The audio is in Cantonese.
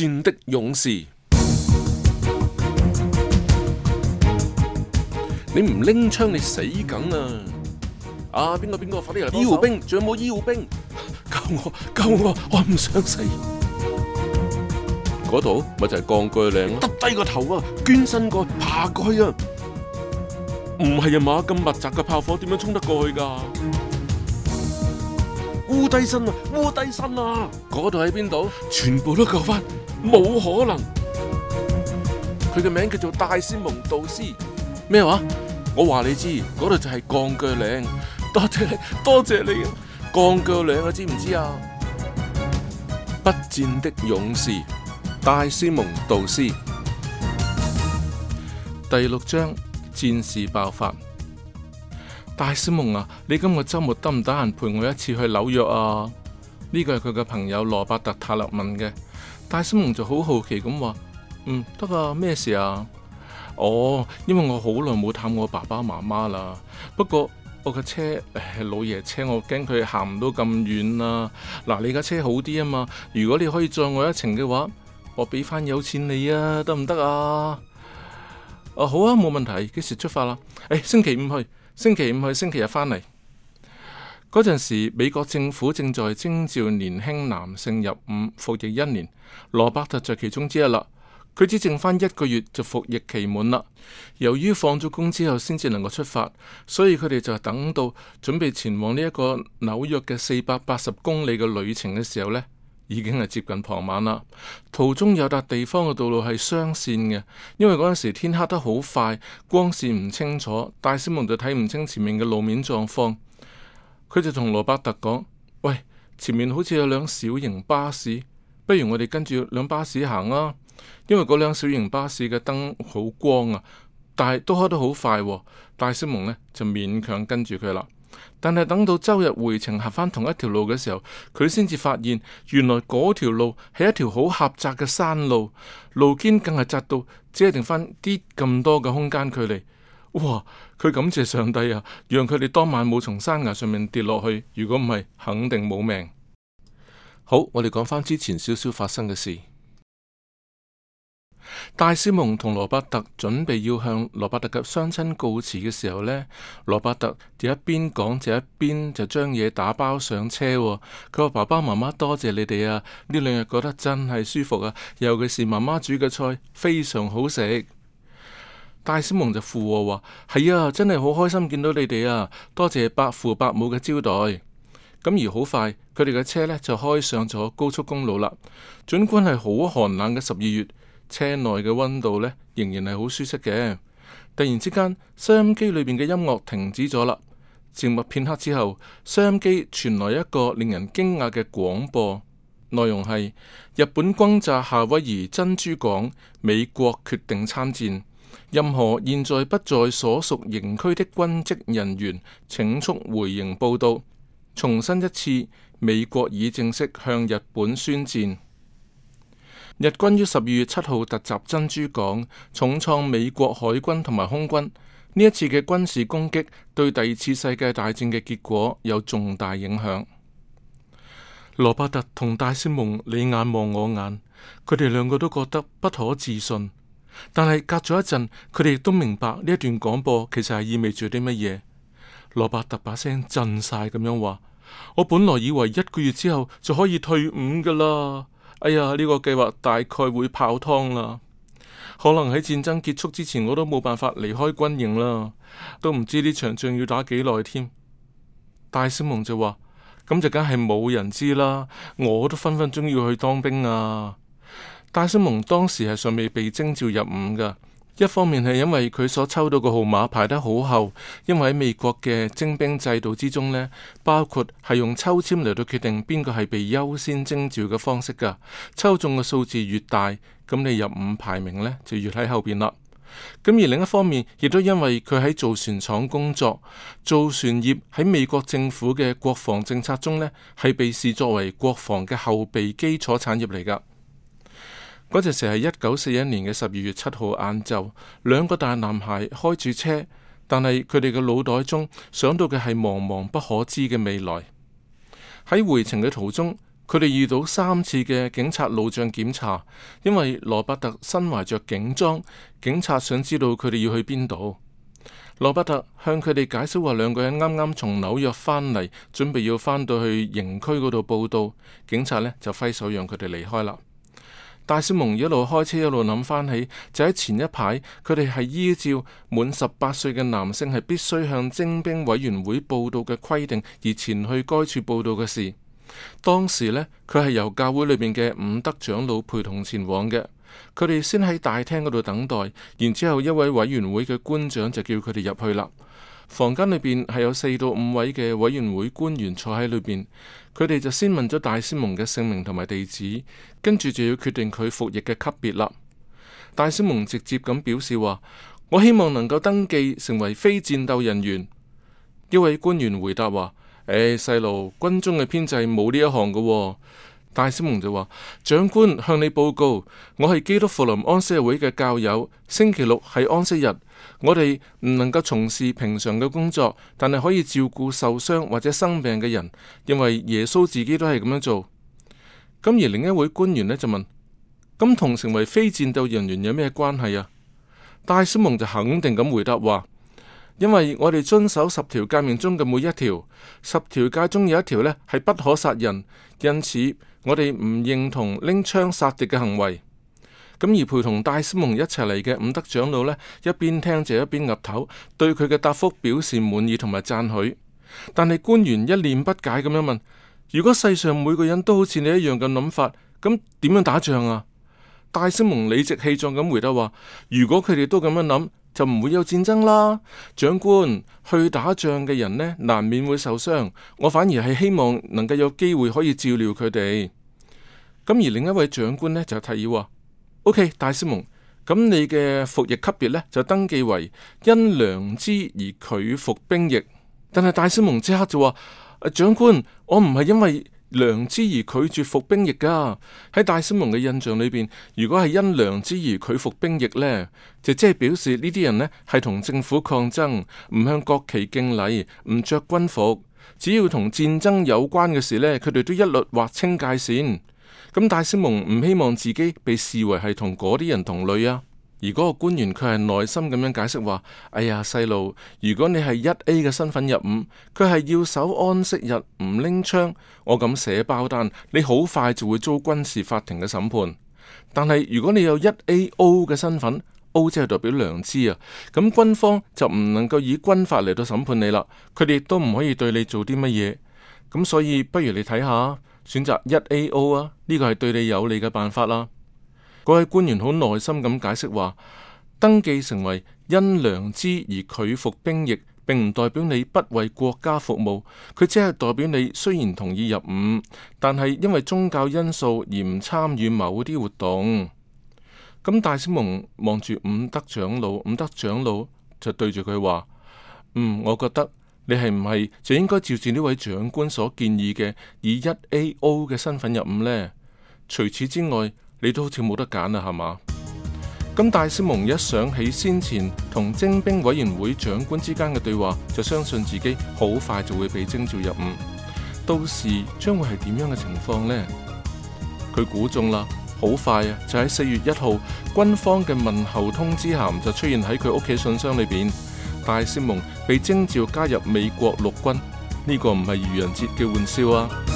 戰的勇士，你唔拎槍你死梗啊！啊，邊個邊個，快啲嚟！醫護兵，仲有冇醫護兵？救我救我，我唔想死！嗰度咪就係鋼鋸嶺。耷低個頭啊，捐身過爬過去啊！唔係啊嘛，咁密集嘅炮火點樣衝得過去㗎？烏低身啊，烏低身啊！嗰度喺邊度？全部都救翻，冇可能。佢嘅名叫做戴斯蒙杜斯，咩話麼？我話你知，嗰度就係鋼鋸嶺。多謝你，多謝你，啊，鋼鋸嶺啊，知唔知啊？不戰的勇士，戴斯蒙杜斯，第六章：戰事爆發。戴斯蒙啊，你今個周末得唔得閒陪我一次去紐約啊？呢個係佢嘅朋友羅伯特塔勒問嘅。戴斯蒙就好好奇咁話：嗯，得啊，咩事啊？哦，因為我好耐冇探我爸爸媽媽啦。不過我架車，唉，老爺車，我驚佢行唔到咁遠啊。嗱，你架車好啲啊嘛。如果你可以載我一程嘅話，我俾翻有錢你啊，得唔得啊？哦、啊，好啊，冇問題。幾時出發啦？誒、哎，星期五去。星期五去星期日返嚟，嗰陣時美國政府正在徵召年輕男性入伍服役一年，羅伯特在其中之一啦。佢只剩翻一個月就服役期滿啦。由於放咗工之後先至能夠出發，所以佢哋就等到準備前往呢一個紐約嘅四百八十公里嘅旅程嘅時候呢。已經係接近傍晚啦。途中有笪地方嘅道路係雙線嘅，因為嗰陣時天黑得好快，光線唔清楚，戴斯蒙就睇唔清前面嘅路面狀況。佢就同羅伯特講：「喂，前面好似有輛小型巴士，不如我哋跟住輛巴士行啊。」因為嗰輛小型巴士嘅燈好光啊，但係都開得好快。戴斯蒙呢，就勉強跟住佢啦。但係等到周日回程行返同一條路嘅時候，佢先至發現原來嗰條路係一條好狹窄嘅山路，路肩更係窄到只係定返啲咁多嘅空間距離。哇！佢感謝上帝啊，讓佢哋當晚冇從山崖上面跌落去。如果唔係，肯定冇命。好，我哋講翻之前少少發生嘅事。戴斯蒙同羅伯特準備要向羅伯特嘅雙親告辭嘅時候呢，羅伯特就一邊講，就一邊就將嘢打包上車。佢話，爸爸媽媽多謝你哋啊，呢兩日覺得真係舒服啊，尤其是媽媽煮嘅菜非常好食。戴斯蒙就附和話，係啊，真係好開心見到你哋啊，多謝伯父伯母嘅招待。咁而好快，佢哋嘅車呢就開上咗高速公路啦。盡管係好寒冷嘅十二月。車內嘅溫度呢，仍然係好舒適嘅。突然之間，收音機裏面嘅音樂停止咗啦。靜默片刻之後，收音機傳來一個令人驚訝嘅廣播，內容係日本轟炸夏威夷珍珠港，美國決定參戰。任何現在不在所屬營區的軍職人員，請速回營報到。重申一次，美國已正式向日本宣戰。日軍於十二月七號突襲珍珠港，重創美國海軍同埋空軍。呢一次嘅軍事攻擊對第二次世界大戰嘅結果有重大影響。羅伯特同戴斯蒙你眼望我眼，佢哋兩個都覺得不可置信。但係隔咗一陣，佢哋都明白呢一段廣播其實係意味住啲乜嘢。羅伯特把聲震晒咁樣話：我本來以為一個月之後就可以退伍噶啦。哎呀，呢個計劃大概會泡湯啦，可能喺戰爭結束之前我都冇辦法離開軍營啦，都唔知呢場仗要打幾耐添。戴斯蒙就話：咁就梗係冇人知啦，我都分分鐘要去當兵啊。戴斯蒙當時係尚未被徵召入伍噶。一方面係因為佢所抽到嘅號碼排得好後，因為喺美國嘅徵兵制度之中咧，包括係用抽籤嚟到決定邊個係被優先徵召嘅方式㗎。抽中嘅數字越大，咁你入伍排名呢就越喺後邊啦。咁而另一方面，亦都因為佢喺造船廠工作，造船業喺美國政府嘅國防政策中呢，係被視作為國防嘅後備基礎產業嚟㗎。嗰陣時係一九四一年嘅十二月七號晏晝，兩個大男孩開住車，但係佢哋嘅腦袋中想到嘅係茫茫不可知嘅未來。喺回程嘅途中，佢哋遇到三次嘅警察路障檢查，因為羅伯特身懷着警裝，警察想知道佢哋要去邊度。羅伯特向佢哋解釋話，兩個人啱啱從紐約翻嚟，準備要翻到去營區嗰度報到，警察呢就揮手讓佢哋離開啦。戴斯蒙一路開車一路諗翻起，就喺前一排佢哋係依照滿十八歲嘅男性係必須向徵兵委員會報到嘅規定而前去該處報到嘅事。當時咧，佢係由教會裏邊嘅伍德長老陪同前往嘅。佢哋先喺大廳嗰度等待，然之後一位委員會嘅官長就叫佢哋入去啦。房間裏邊係有四到五位嘅委員會官員坐喺裏邊，佢哋就先問咗戴斯蒙嘅姓名同埋地址，跟住就要決定佢服役嘅級別啦。戴斯蒙直接咁表示話：，我希望能夠登記成為非戰鬥人員。一位官員回答話：，唉、哎，細路，軍中嘅編制冇呢一項嘅、哦。戴斯蒙就話：長官向你報告，我係基督復臨安息日會嘅教友。星期六係安息日，我哋唔能夠從事平常嘅工作，但係可以照顧受傷或者生病嘅人。因為耶穌自己都係咁樣做。咁而另一位官員呢就問：咁同成為非戰鬥人員有咩關係啊？戴斯蒙就肯定咁回答話：因為我哋遵守十條誡命中嘅每一條，十條誡中有一條呢係不可殺人，因此。我哋唔認同拎槍殺敵嘅行為，咁而陪同戴斯蒙一齊嚟嘅伍德長老呢，一邊聽就一邊岌頭，對佢嘅答覆表示滿意同埋讚許。但係官員一臉不解咁樣問：如果世上每個人都好似你一樣嘅諗法，咁點樣打仗啊？戴斯蒙理直氣壯咁回答話：如果佢哋都咁樣諗。就唔會有戰爭啦。長官，去打仗嘅人呢，難免會受傷。我反而係希望能夠有機會可以照料佢哋。咁而另一位長官呢就提議：O、okay, K，大斯蒙，咁你嘅服役級別呢就登記為因良知而拒服兵役。但係大斯蒙即刻就話：長官，我唔係因為。良知而拒絕服兵役噶喺戴斯蒙嘅印象裏邊，如果係因良知而拒服兵役呢，就即係表示呢啲人呢係同政府抗爭，唔向國旗敬禮，唔着軍服，只要同戰爭有關嘅事呢，佢哋都一律劃清界線。咁戴斯蒙唔希望自己被視為係同嗰啲人同類啊。而嗰個官員佢係耐心咁樣解釋話：，哎呀，細路，如果你係一 A 嘅身份入伍，佢係要守安息日，唔拎槍，我咁寫包單，你好快就會遭軍事法庭嘅審判。但係如果你有一 A O 嘅身份，O 即係代表良知啊，咁軍方就唔能夠以軍法嚟到審判你啦，佢哋都唔可以對你做啲乜嘢。咁所以不如你睇下，選擇一 A O 啊，呢個係對你有利嘅辦法啦。嗰位官員好耐心咁解釋話，登記成為因良知而拒服兵役並唔代表你不為國家服務，佢只係代表你雖然同意入伍，但係因為宗教因素而唔參與某啲活動。咁戴斯蒙望住伍德長老，伍德長老就對住佢話，嗯，我覺得你係唔係就應該照住呢位長官所建議嘅，以一 A O 嘅身份入伍呢？除此之外，你都好似冇得揀啦，係嘛？咁戴斯蒙一想起先前同徵兵委員會長官之間嘅對話，就相信自己好快就會被徵召入伍。到時將會係點樣嘅情況呢？佢估中啦，好快啊！就喺四月一號，軍方嘅問候通知函就出現喺佢屋企信箱裏邊。戴斯蒙被徵召加入美國陸軍，呢個唔係愚人節嘅玩笑啊！